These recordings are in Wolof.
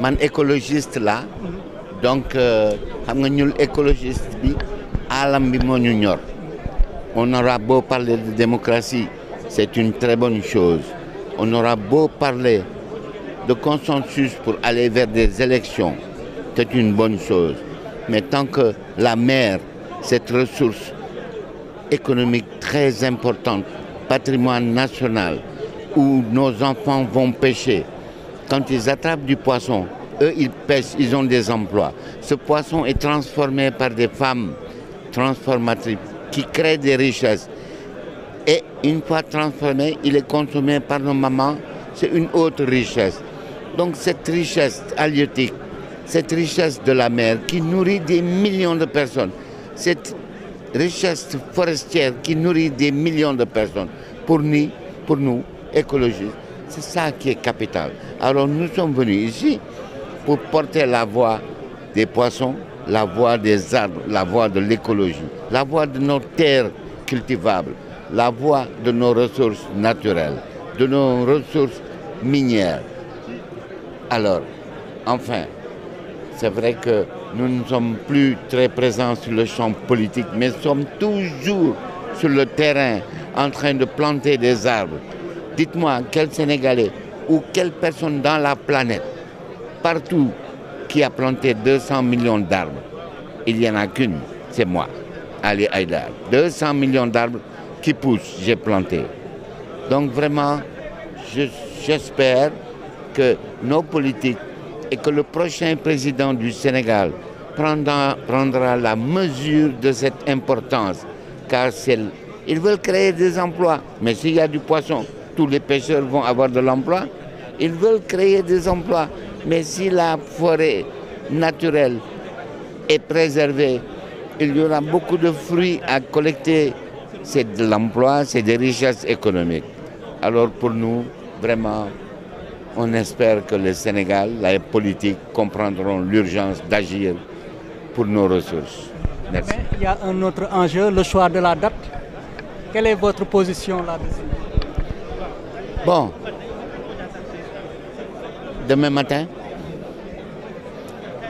man écologiste la donc euh, xam nga ñun écologiste bi alam bi moo ñu ñor on aura beau parler de démocratie c'est une très bonne chose on aura beau parler de consensus pour aller vers des élections c'est une bonne chose mais tant que la mer cette ressource économique très importante patrimoine national où nos enfants vont pêcher quand ils attrapent du poisson, eux, ils pêchent, ils ont des emplois. Ce poisson est transformé par des femmes transformatrices qui créent des richesses. Et une fois transformé, il est consommé par nos mamans. C'est une autre richesse. Donc cette richesse halieutique, cette richesse de la mer qui nourrit des millions de personnes, cette richesse forestière qui nourrit des millions de personnes, pour nous, pour nous écologistes, C'est ça qui est capital. Alors nous sommes venus ici pour porter la voix des poissons, la voix des arbres, la voix de l'écologie, la voix de nos terres cultivables, la voix de nos ressources naturelles, de nos ressources minières. Alors, enfin, c'est vrai que nous ne sommes plus très présents sur le champ politique, mais sommes toujours sur le terrain en train de planter des arbres, Dites-moi quel Sénégalais ou quelle personne dans la planète, partout, qui a planté 200 millions d'arbres. Il n'y en a qu'une, c'est moi, Ali Haïdar. 200 millions d'arbres qui poussent, j'ai planté. Donc vraiment, j'espère que nos politiques et que le prochain président du Sénégal prendra, prendra la mesure de cette importance, car ils veulent créer des emplois. Mais s'il y a du poisson, tous les pêcheurs vont avoir de l'emploi. Ils veulent créer des emplois. Mais si la forêt naturelle est préservée, il y aura beaucoup de fruits à collecter. C'est de l'emploi, c'est des richesses économiques. Alors pour nous, vraiment, on espère que le Sénégal, les politiques comprendront l'urgence d'agir pour nos ressources. Merci. Mais il y a un autre enjeu, le choix de la date. Quelle est votre position là Bon, demain matin,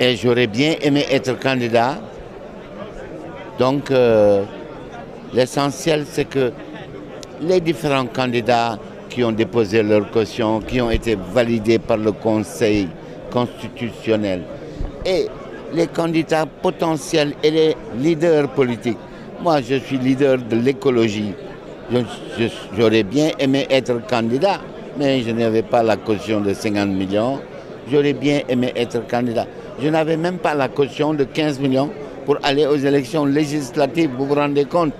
et j'aurais bien aimé être candidat. Donc, euh, l'essentiel, c'est que les différents candidats qui ont déposé leur caution, qui ont été validés par le Conseil constitutionnel, et les candidats potentiels et les leaders politiques. Moi, je suis leader de l'écologie. J'aurais bien aimé être candidat, mais je n'avais pas la caution de 50 millions. J'aurais bien aimé être candidat. Je n'avais même pas la caution de 15 millions pour aller aux élections législatives, vous vous rendez compte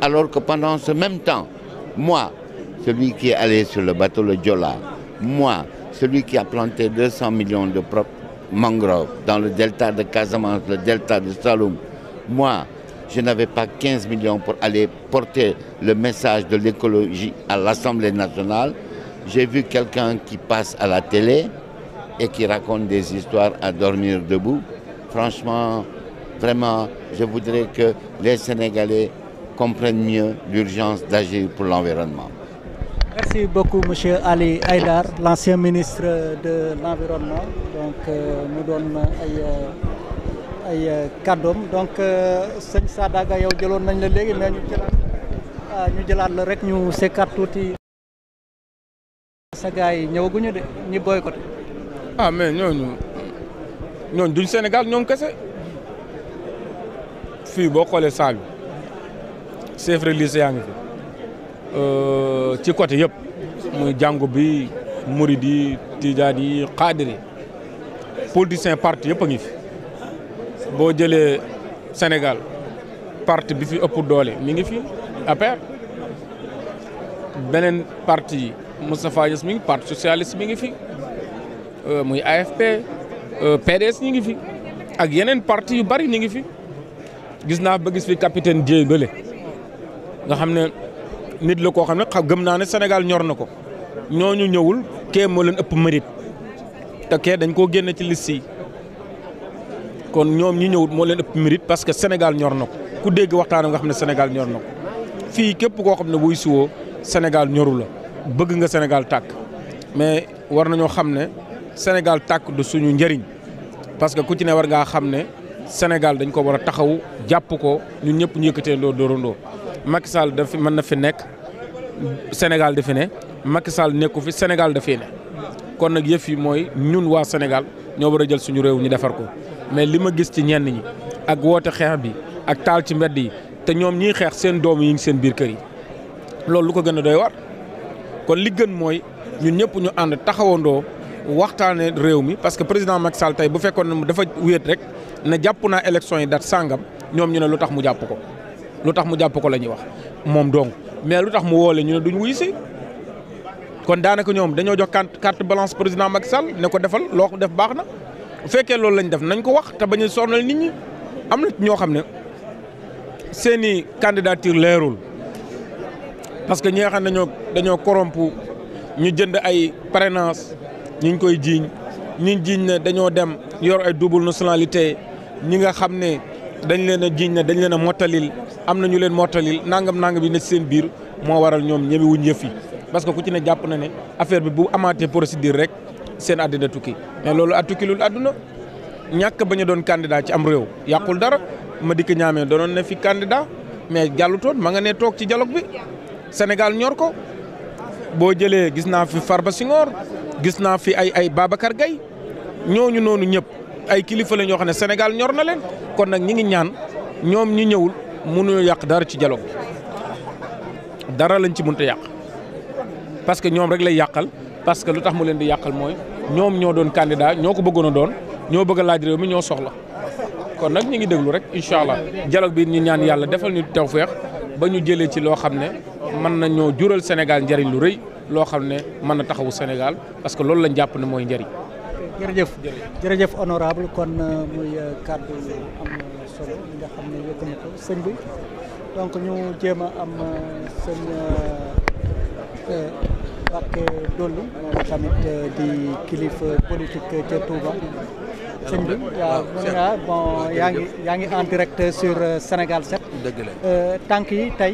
Alors que pendant ce même temps, moi, celui qui est allé sur le bateau le Diola, moi, celui qui a planté millions de propres mangroves dans le delta de Casamance, le delta de Saloum, moi, je n'avais pas 15 millions pour aller porter le message de l'écologie à l'Assemblée nationale. J'ai vu quelqu'un qui passe à la télé et qui raconte des histoires à dormir debout. Franchement, vraiment, je voudrais que les Sénégalais comprennent mieux l'urgence d'agir pour l'environnement. Merci beaucoup, M. Ali Haïdar, l'ancien ministre de l'Environnement. Donc, euh, nous donne euh, ay euh, kàddoom donc euh, sëñ Sadaga yow jëloon nañ la léegi mais ñu jëlaat euh, ñu jëlaat la rek ñu sekkaat tuuti. sa gars yi ñëwaguñu de ñi boycotté. ah mais ñooñu ñooñu duñ Sénégal ñoom kese fii boo xoolee saal bi chef religieux yaa ngi fi ci côté yëpp muy jàngu bi murid yi tijaan yi xaadir yi politicien parti yëpp a ngi fi. boo jëlee Sénégal parti bi fi ëpp doole mi ngi fi APR beneen parti yi Moustapha Niasse mi ngi parti socialiste mi ngi fi euh, muy AFP euh, PDS ñi ngi fi ak yeneen parti yu bari ñi ngi fi gis naa ba gis fi capitaine Dièye bële nga xam ne nit la koo xam ne xam gëm naa ne Sénégal ñor na ko ñooñu ñëwul kee moo leen ëpp mérite te kee dañ koo génne ci liste yi kon ñoom ñi ñëwut moo leen ëpp mérite parce que Sénégal ñor na ko ku dégg waxtaanam nga xam ne Sénégal ñor na fii képp koo xam ne buy siwoo Sénégal ñoru la bëgg nga Sénégal tàkk mais war na ñoo xam ne Sénégal tàkk du suñu njëriñ parce que ku ci ne war ngaa xam ne Sénégal dañ ko war a taxaw jàpp ko ñun ñëpp ñu yëkkatee ndoo dóorandoo Macky Sall dafi mën na fi nekk Sénégal dafi ne Macky Sall nekku fi Sénégal dafii ne kon nag yëf yi mooy ñun waa Sénégal ñoo war a jël suñu réew ñu defar ko mais li ma gis ci ñenn ñi ak woote xeex bi ak taal ci mbedd yi te ñoom ñiy xeex seen doom yi ngi seen biir kër yi loolu lu ko gën a doy war kon li gën mooy ñun ñëpp ñu ànd taxawandoo waxtaanee réew mi parce que président Macky Sall tey bu fekkoon ne dafa wéet rek ne jàpp naa élection yi date sàngam ñoom ñu ne lu tax mu jàpp ko lu tax mu jàpp ko la ñuy wax moom dong mais lu tax mu woole ñu ne duñu wuyu si kon daanaka ñoom dañoo jox carte carte balance président Macky Sall ne ko defal loo def baax na. bu fekkee loolu lañu def nañ ko wax te bañ a sonal nit ñi am na ñoo xam ne seeni candidature leerul parce que ñi nga ne dañoo dañoo ñu jënd ay parrainage ñu ngi koy jiiñ ñu jiiñ ne dañoo dem yor ay double nationalité ñi nga xam ne dañ leen a jiiñ ne dañ leen a mottalil am na ñu leen mottalil nangam nangam yi ne seen biir moo waral ñoom ñeme wuñ yi parce que ku ci ne jàpp na ne affaire bi bu amaatee procédure rek. seen àddina tukki mais loolu a tukki àdduna ñàkk ba ñu doon candidat ci am réew yàqul dara ma dikk ñaamee doonoon na fi candidat mais jàllutoon ma nga ne toog ci dialogue bi Sénégal ñor ko boo jëlee gis naa fi far Farba Senghor gis naa fi ay ay Babacar gay ñooñu noonu ñëpp ay kilifa la ñoo xam ne Sénégal ñor na leen kon nag ñi ngi ñaan ñoom ñi ñëwul mënuñu yàq dara ci dialogue bi dara lañ ci mënta yàq parce que ñoom rek lay yàqal parce que lu tax mu leen di yàqal mooy ñoom ñoo doon kandidaa ñoo ko bëggoon doon ñoo bëgg a laaj réew mi ñoo soxla kon nag ñu ngi déglu rek incha allah dialogue bi ñu ñaan yàlla defal ñu tawféex ba ñu jëlee ci loo xam ne mën ñoo jural Sénégal njëriñ lu rëy loo xam ne mën na taxawu Sénégal parce que loolu lañ jàpp ne mooy njëriñ. jërëjëf jërëjëf honorable kon euh, muy euh, kàddu euh, ñu jéem a am Mbacké Dollu moom tamit euh, di kilifa politique euh, ca Touba sëñ bi yaa ngi yaa ngi en direct sur euh, Sénégal 7 dëgg la tànk yi tey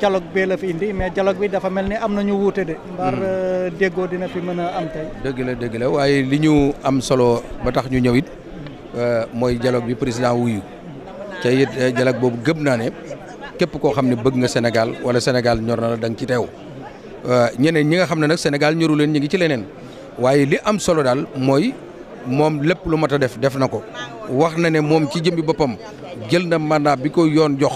dialogue bee la fi indi mais dialogue bi dafa mel ni am na ñu wuute de mbaar hmm. déggoo dina fi mën a am tey dëgg la dëgg la waaye li ñu am solo ba tax ñu ñëw it mooy dialogue bi président wuyu ca it dialogue boobu gëm naa ne képp koo xam ne bëgg nga Sénégal wala Sénégal ñor na la da ci teew Euh, ñeneen ñi nga xam ne nag Sénégal ñëru leen ñu ngi ci leneen waaye li am solo daal mooy moom lépp lu mat a def def na ko wax na ne moom ci jëmmi boppam jël na mandat bi ko yoon jox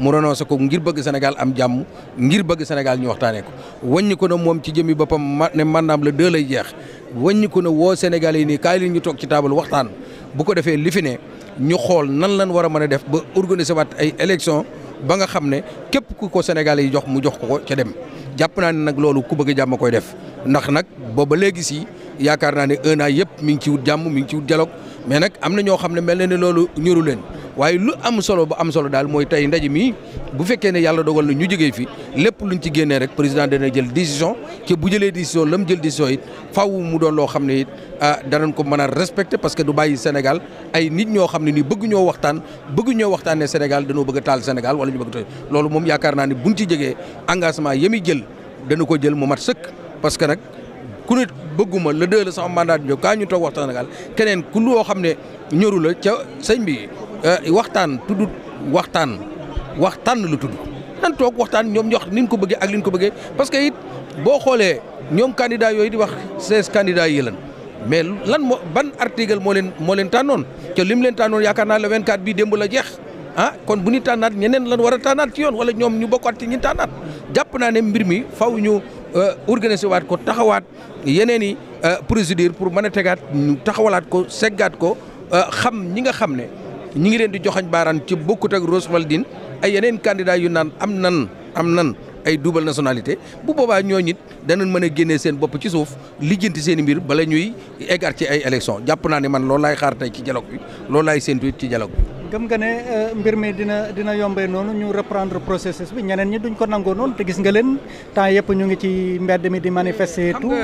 mu renoncé ko ngir bëgg Sénégal am jàmm ngir bëgg Sénégal ñu waxtaanee ko wàññi ko na moom ci jëmmi boppam ne mandaam la deux lay jeex wàññi ko na woo Sénégalais yi nii kaay li ñu toog ci taabal waxtaan bu ko defee li fi ne ñu xool nan lan war a mën a def ba organiser waat ay élection ba nga xam ne képp ku ko Sénégalais yi jox mu jox ko ko ca jàpp naa ne nag loolu ku bëgg jàmm koy def ndax nag booba léegi si yaakaar naa ne un an yëpp mi ngi ci wut jàmm mi ngi ci wut dialogue mais nag am na ñoo xam ne mel na ne loolu ñuru leen waaye lu am solo bu am solo daal mooy tey ndaje mi bu fekkee ne yàlla dogal na ñu jógee fi lépp luñ ci génnee rek président dana jël décision te bu jëlee décision la mu jël décision it faw mu doon loo xam ne it ah danañ ko mën a respecté parce que du bàyyi Sénégal ay nit ñoo xam ne nii bëgg ñoo waxtaan bëgg ñoo waxtaanee Sénégal dañoo bëgg a taal Sénégal wala ñu bëgg a loolu moom yaakaar naa bu buñ ci jógee engagement yemi jël dana ko jël mu mat sëkk parce que nag ku ne bëgguma la deux la sama mandat bi ñëw ñu toog waxtaan Sénégal keneen ku loo xam ne ñoru la ca sëñ bi Euh, waxtaan tudd waxtaan waxtaan lu tudd nan toog waxtaan ñoom ñox ni ñu ko bëggee ak li ko bëggee parce que it boo xoolee ñoom candidat yooyu di wax seize candidats yi lan mais lan moo ban article moo leen moo leen tànnoon te lim leen tànnoon yaakaar naa le 24 bii démb la jeex ah kon bu ñu tànnaat ñeneen lan war a tànnaat ci yoon wala ñoom ñu bokkaat ci ñi tànnaat jàpp naa ne mbir mi faw ñu euh, organiser waat ko taxawaat yeneen i euh, procédure pour mën a tegaat ñu taxawalaat ko seggaat ko xam ñi nga xam ne. ñi ngi leen di joxañ baaraan ci bokkut ak Rose Wardini ay yeneen candidat yu naan am nan am nan ay double nationalité bu boobaa ñooñu it danañ mën a génne seen bopp ci suuf lijjanti seen mbir bala ñuy eggaat ci ay élection jàpp naa ne man loolu laay xaar tey ci dialogue bi loolu laay séntu ci dialogue bi. nga ne euh, mbir mi dina dina yombee noonu ñu reprendre processus bi ñeneen ñi duñ ko nangoo noonu te gis nga leen temps yëpp ñu ngi ci mbedd mi di manifester tout.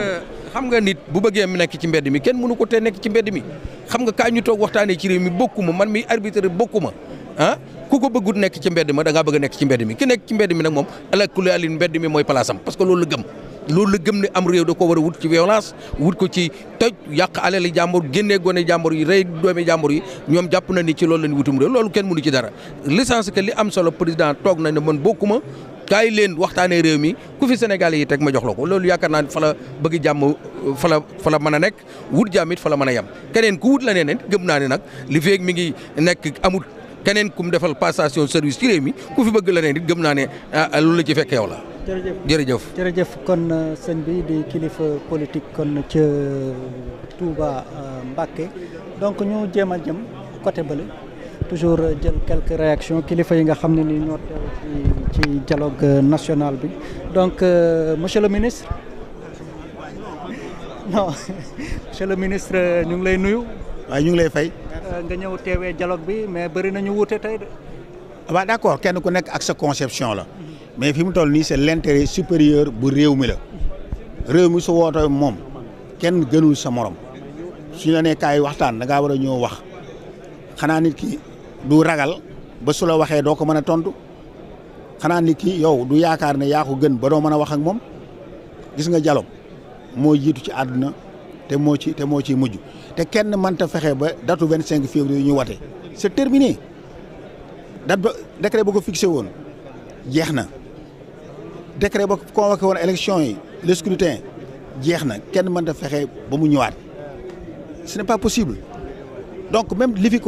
xam nga nit bu bëggee mu nekk ci mbedd mi kenn mënu ko te nekk ci mbedd mi xam nga kaa ñu toog waxtaanee ci réew mi bokkuma man mi arbitre bokkuma ah ku ko bëggut nekk ci mbedd ma da ngaa bëgg nekk ci mbedd mi ki nekk ci mbedd mi nag moom ala kulli mbedd mi mooy place am parce que loolu la gëm loolu la gëm ne am réew da ko a wut ci violence yàq alali jàmbur génnee gone jàmbur yi rey doomi jàmbur yi ñoom jàpp na ni ci loolu lañ wutum réew loolu kenn mënu ci dara licence que li am solo président toog nañ ne man bokkuma kaay leen waxtaanee réew mi ku fi Sénégalais yi teg ma jox la ko loolu yaakaar naa fa la bëgg jàmm fa la a nekk wut jàmm it fa la a yem keneen ku wut la ne gëm naa ne nag li feeg mi ngi nekk amut keneen ku mu defal passation service ci réew mi ku fi bëgg la ne gëm naa ne loolu ah, la ci fekk yow la. jërëjëf jërëjëf jërëjëf kon euh, sëñ bi di kilifa politique kon ca Touba euh, Mbacké donc ñu jéem a jëm côté bële. toujours jël quelques réactions kilifa yi nga xam ne ni ñoo teew ci dialogue national bi donc euh, monsieur le ministre le ministre ñu ngi lay nuyu. waaw ñu ngi lay fay. Euh, nga ñëw teewee dialogue bi mais bëri nañu wuute tey de. waaw ah d'accord kenn ku nekk ak sa conception la. mais fi mu toll nii c'est l'intérêt supérieur bu réew mi la. réew mi su wootee moom kenn gënul sa morom su ñu la nee kaay waxtaan da ngaa ñëw wax xanaa nit ki. du ragal ba su la waxee doo ko mën a tontu xanaa nit kii yow du yaakaar ne yaa ko gën ba doo mën a wax ak moom gis nga dialogue moo jiitu ci àdduna te moo ci te moo ciy mujj te kenn mënta fexe ba datu 25 yu ñu wate c'est terminé date ba décret ba ko fixé woon jeex na décret ba convoqué woon élection yi le jeex na kenn mënta fexe ba mu ñëwaat ce n'est pas possible donc même li fi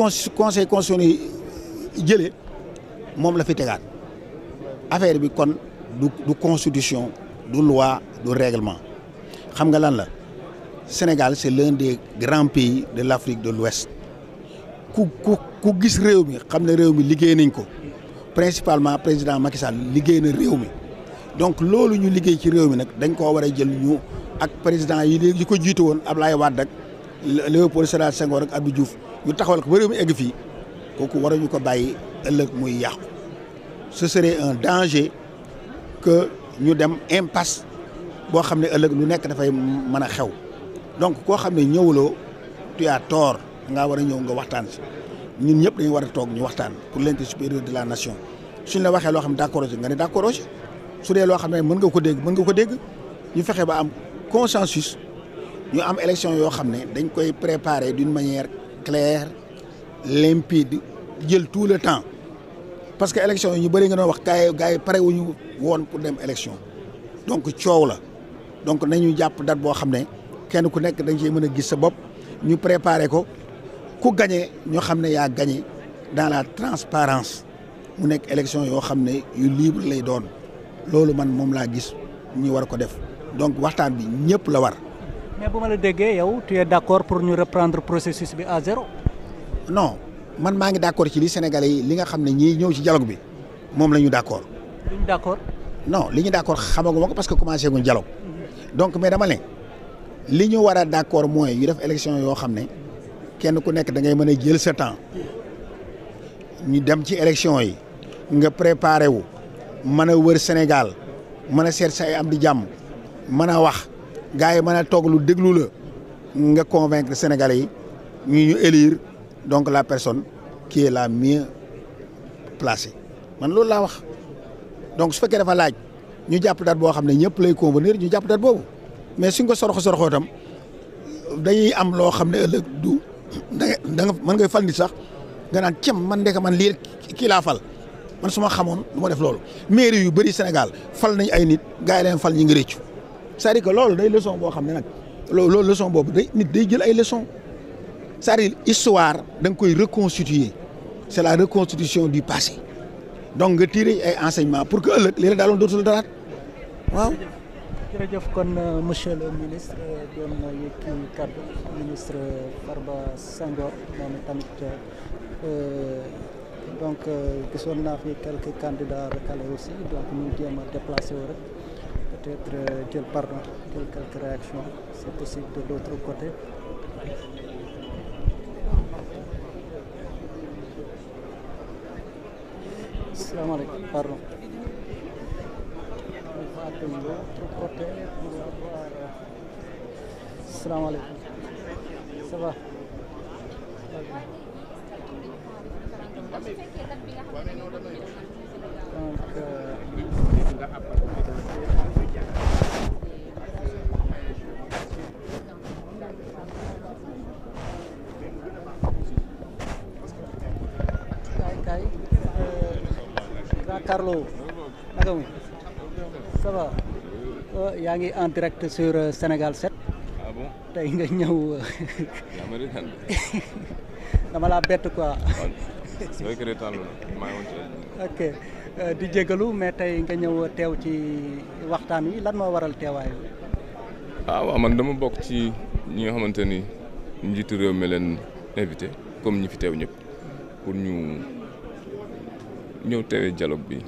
conseil constitutionnel jëlee moom la fi tegaat affaire bi kon du du constitution du loi du règlement xam nga lan la Sénégal c'est l'un des grands pays de l'Afrique de l'Ouest ku ku ku gis réew mi xam ne réew mi liggéey nañ ko principalement président Macky Sall liggéey na réew mi donc loolu ñu liggéey ci réew mi nag dañ koo war a jël ñu ak président yi yi ko jiitu woon Ablaye Wade ak Léopold Sédar Senghor ak Abdou juuf ñu taxawal ko ba réew mi egg fii kooku waruñu ko bàyyi ëllëg muy yàqu ce serait un danger que ñu dem impasse boo xam ne ëllëg lu nekk dafay mën a xew donc koo xam ne ñëwuloo tu as ngaa war a ñëw nga waxtaan si ñun ñëpp dañu war a toog ñu waxtaan pour l'intérêt supérieur de la nation suñ la waxee loo xam ne d'accord nga ne d'accord aussi su dee loo xam ne mën nga ko dégg mën nga ko dégg ñu fexe ba am consensus ñu am élection yoo xam ne dañ koy préparer d'une manière clair limpide jël tout le temps parce que élection yi ñu bëri nga doon wax gars yi gars yi pare wuñu woon pour dem élection donc coow la donc nañu jàpp date boo xam ne kenn ku nekk dañ cee mën a gis sa bopp ñu préparer ko ku gagné ñoo xam ne yaa gagné dans la transparence mu nekk élection yoo xam ne yu libre lay doon loolu man moom laa gis ñu war ko def donc waxtaan bi ñëpp la war mais bu ma la déggee yow tu es d' accord pour ñu reprendre processus bi à zéro. non man maa ngi d' accord ci li sénégal yi li nga xam ne ñii ñëw ci dialogue bi moom la ñu d' accord. d' accord. non li ñu d' accord xamaguma ko parce que commencé guñ dialogue. donc mais dama ne li ñu war a d' accord mooy ñu def élection yoo xam ne kenn ku nekk da ngay mën a jël sa temps ñu dem ci élection yi nga préparé wu mën a wër Sénégal mën a seet sa ay am di jàmm mën a wax. gars yi mën a toog lu déglu la nga convaincre Sénégalais yi ñu ñu donc la personne qui est la mieux placée man loolu laa wax donc su fekkee dafa laaj ñu jàpp date boo xam ne ñëpp lay convenir ñu jàpp date boobu mais suñ ko soroxo soroxoo tam dañuy am loo xam ne ëllëg du da nga mën ngay fal nit sax nga naan cem man ndeka man lii kii laa fal man su ma xamoon du def loolu mais yu bëri Sénégal fal nañ ay nit gaa yi leen fal ñi ngi réccu c'est-à-dire loolu day leçon boo xam ne nag loolu leçon boobu day nit day jël ay leçons cest à histoire da nga koy reconstituer c'est la reconstitution du passé donc nga tirer ay enseignements pour que ëllëg li la daaloon dootul daraat waaw. jërëjëf kon euh, monsieur le ministre euh, doon na yëkki euh, naa fi quelques candidats recalés aussi donc ñu jéem a déplacé rek. peut-être jël euh, pardon jël quelques réactions c'est possible de l'autre côté salaamaaleykum pardon on va de l'autre côté pour avoir salaamaaleykum ça va okay. jàkkaarloo euh, yaa ngi en direct sur euh, Sénégal 7 ah tey nga ñëw euh, dama laa bett quoi di jégalu mais tey nga ñëw teew ci waxtaan wi lan moo waral teewaay ah waaw man dama bokk ci ñi nga xamante ni njiitu réew mi invité comme ñi fi teew ñëpp pour ñu ñëw teewee dialogue bi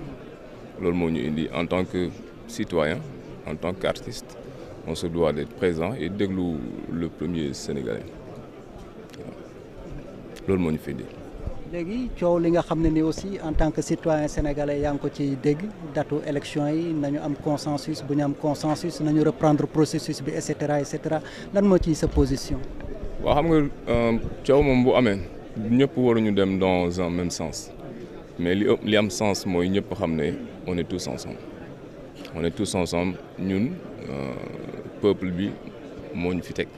loolu moo ñu indi en tant que citoyen en tant qu'artiste on se doit d'être présent et déglu le premier sénégalais loolu moo ñu fi léegi coow li nga xam ne ni aussi en tant que citoyen sénégalais yaa ngi ko ci dégg datu élection yi nañu am consensus bu ñu am consensus nañu reprendre processus bi et cetera et cetera lan moo ci sa position. waaw xam nga euh, coow moom bu amee ñëpp waruñu dem dans un même sens. mais li ëpp li am sens mooy ñëpp xam ne on est tous ensemble on est tous ensemble ñun euh, peuple bi moo ñu fi teg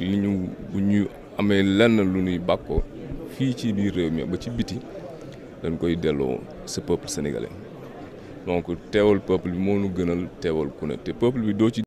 li ñu bu ñu amee lenn lu ñuy bàkkoo fii ci biir réew mi ba ci biti dañ koy delloo ce peuple sénégalais donc teewal peuple bi moo ñu gënal teewal ku ne te peuple bi doo ci.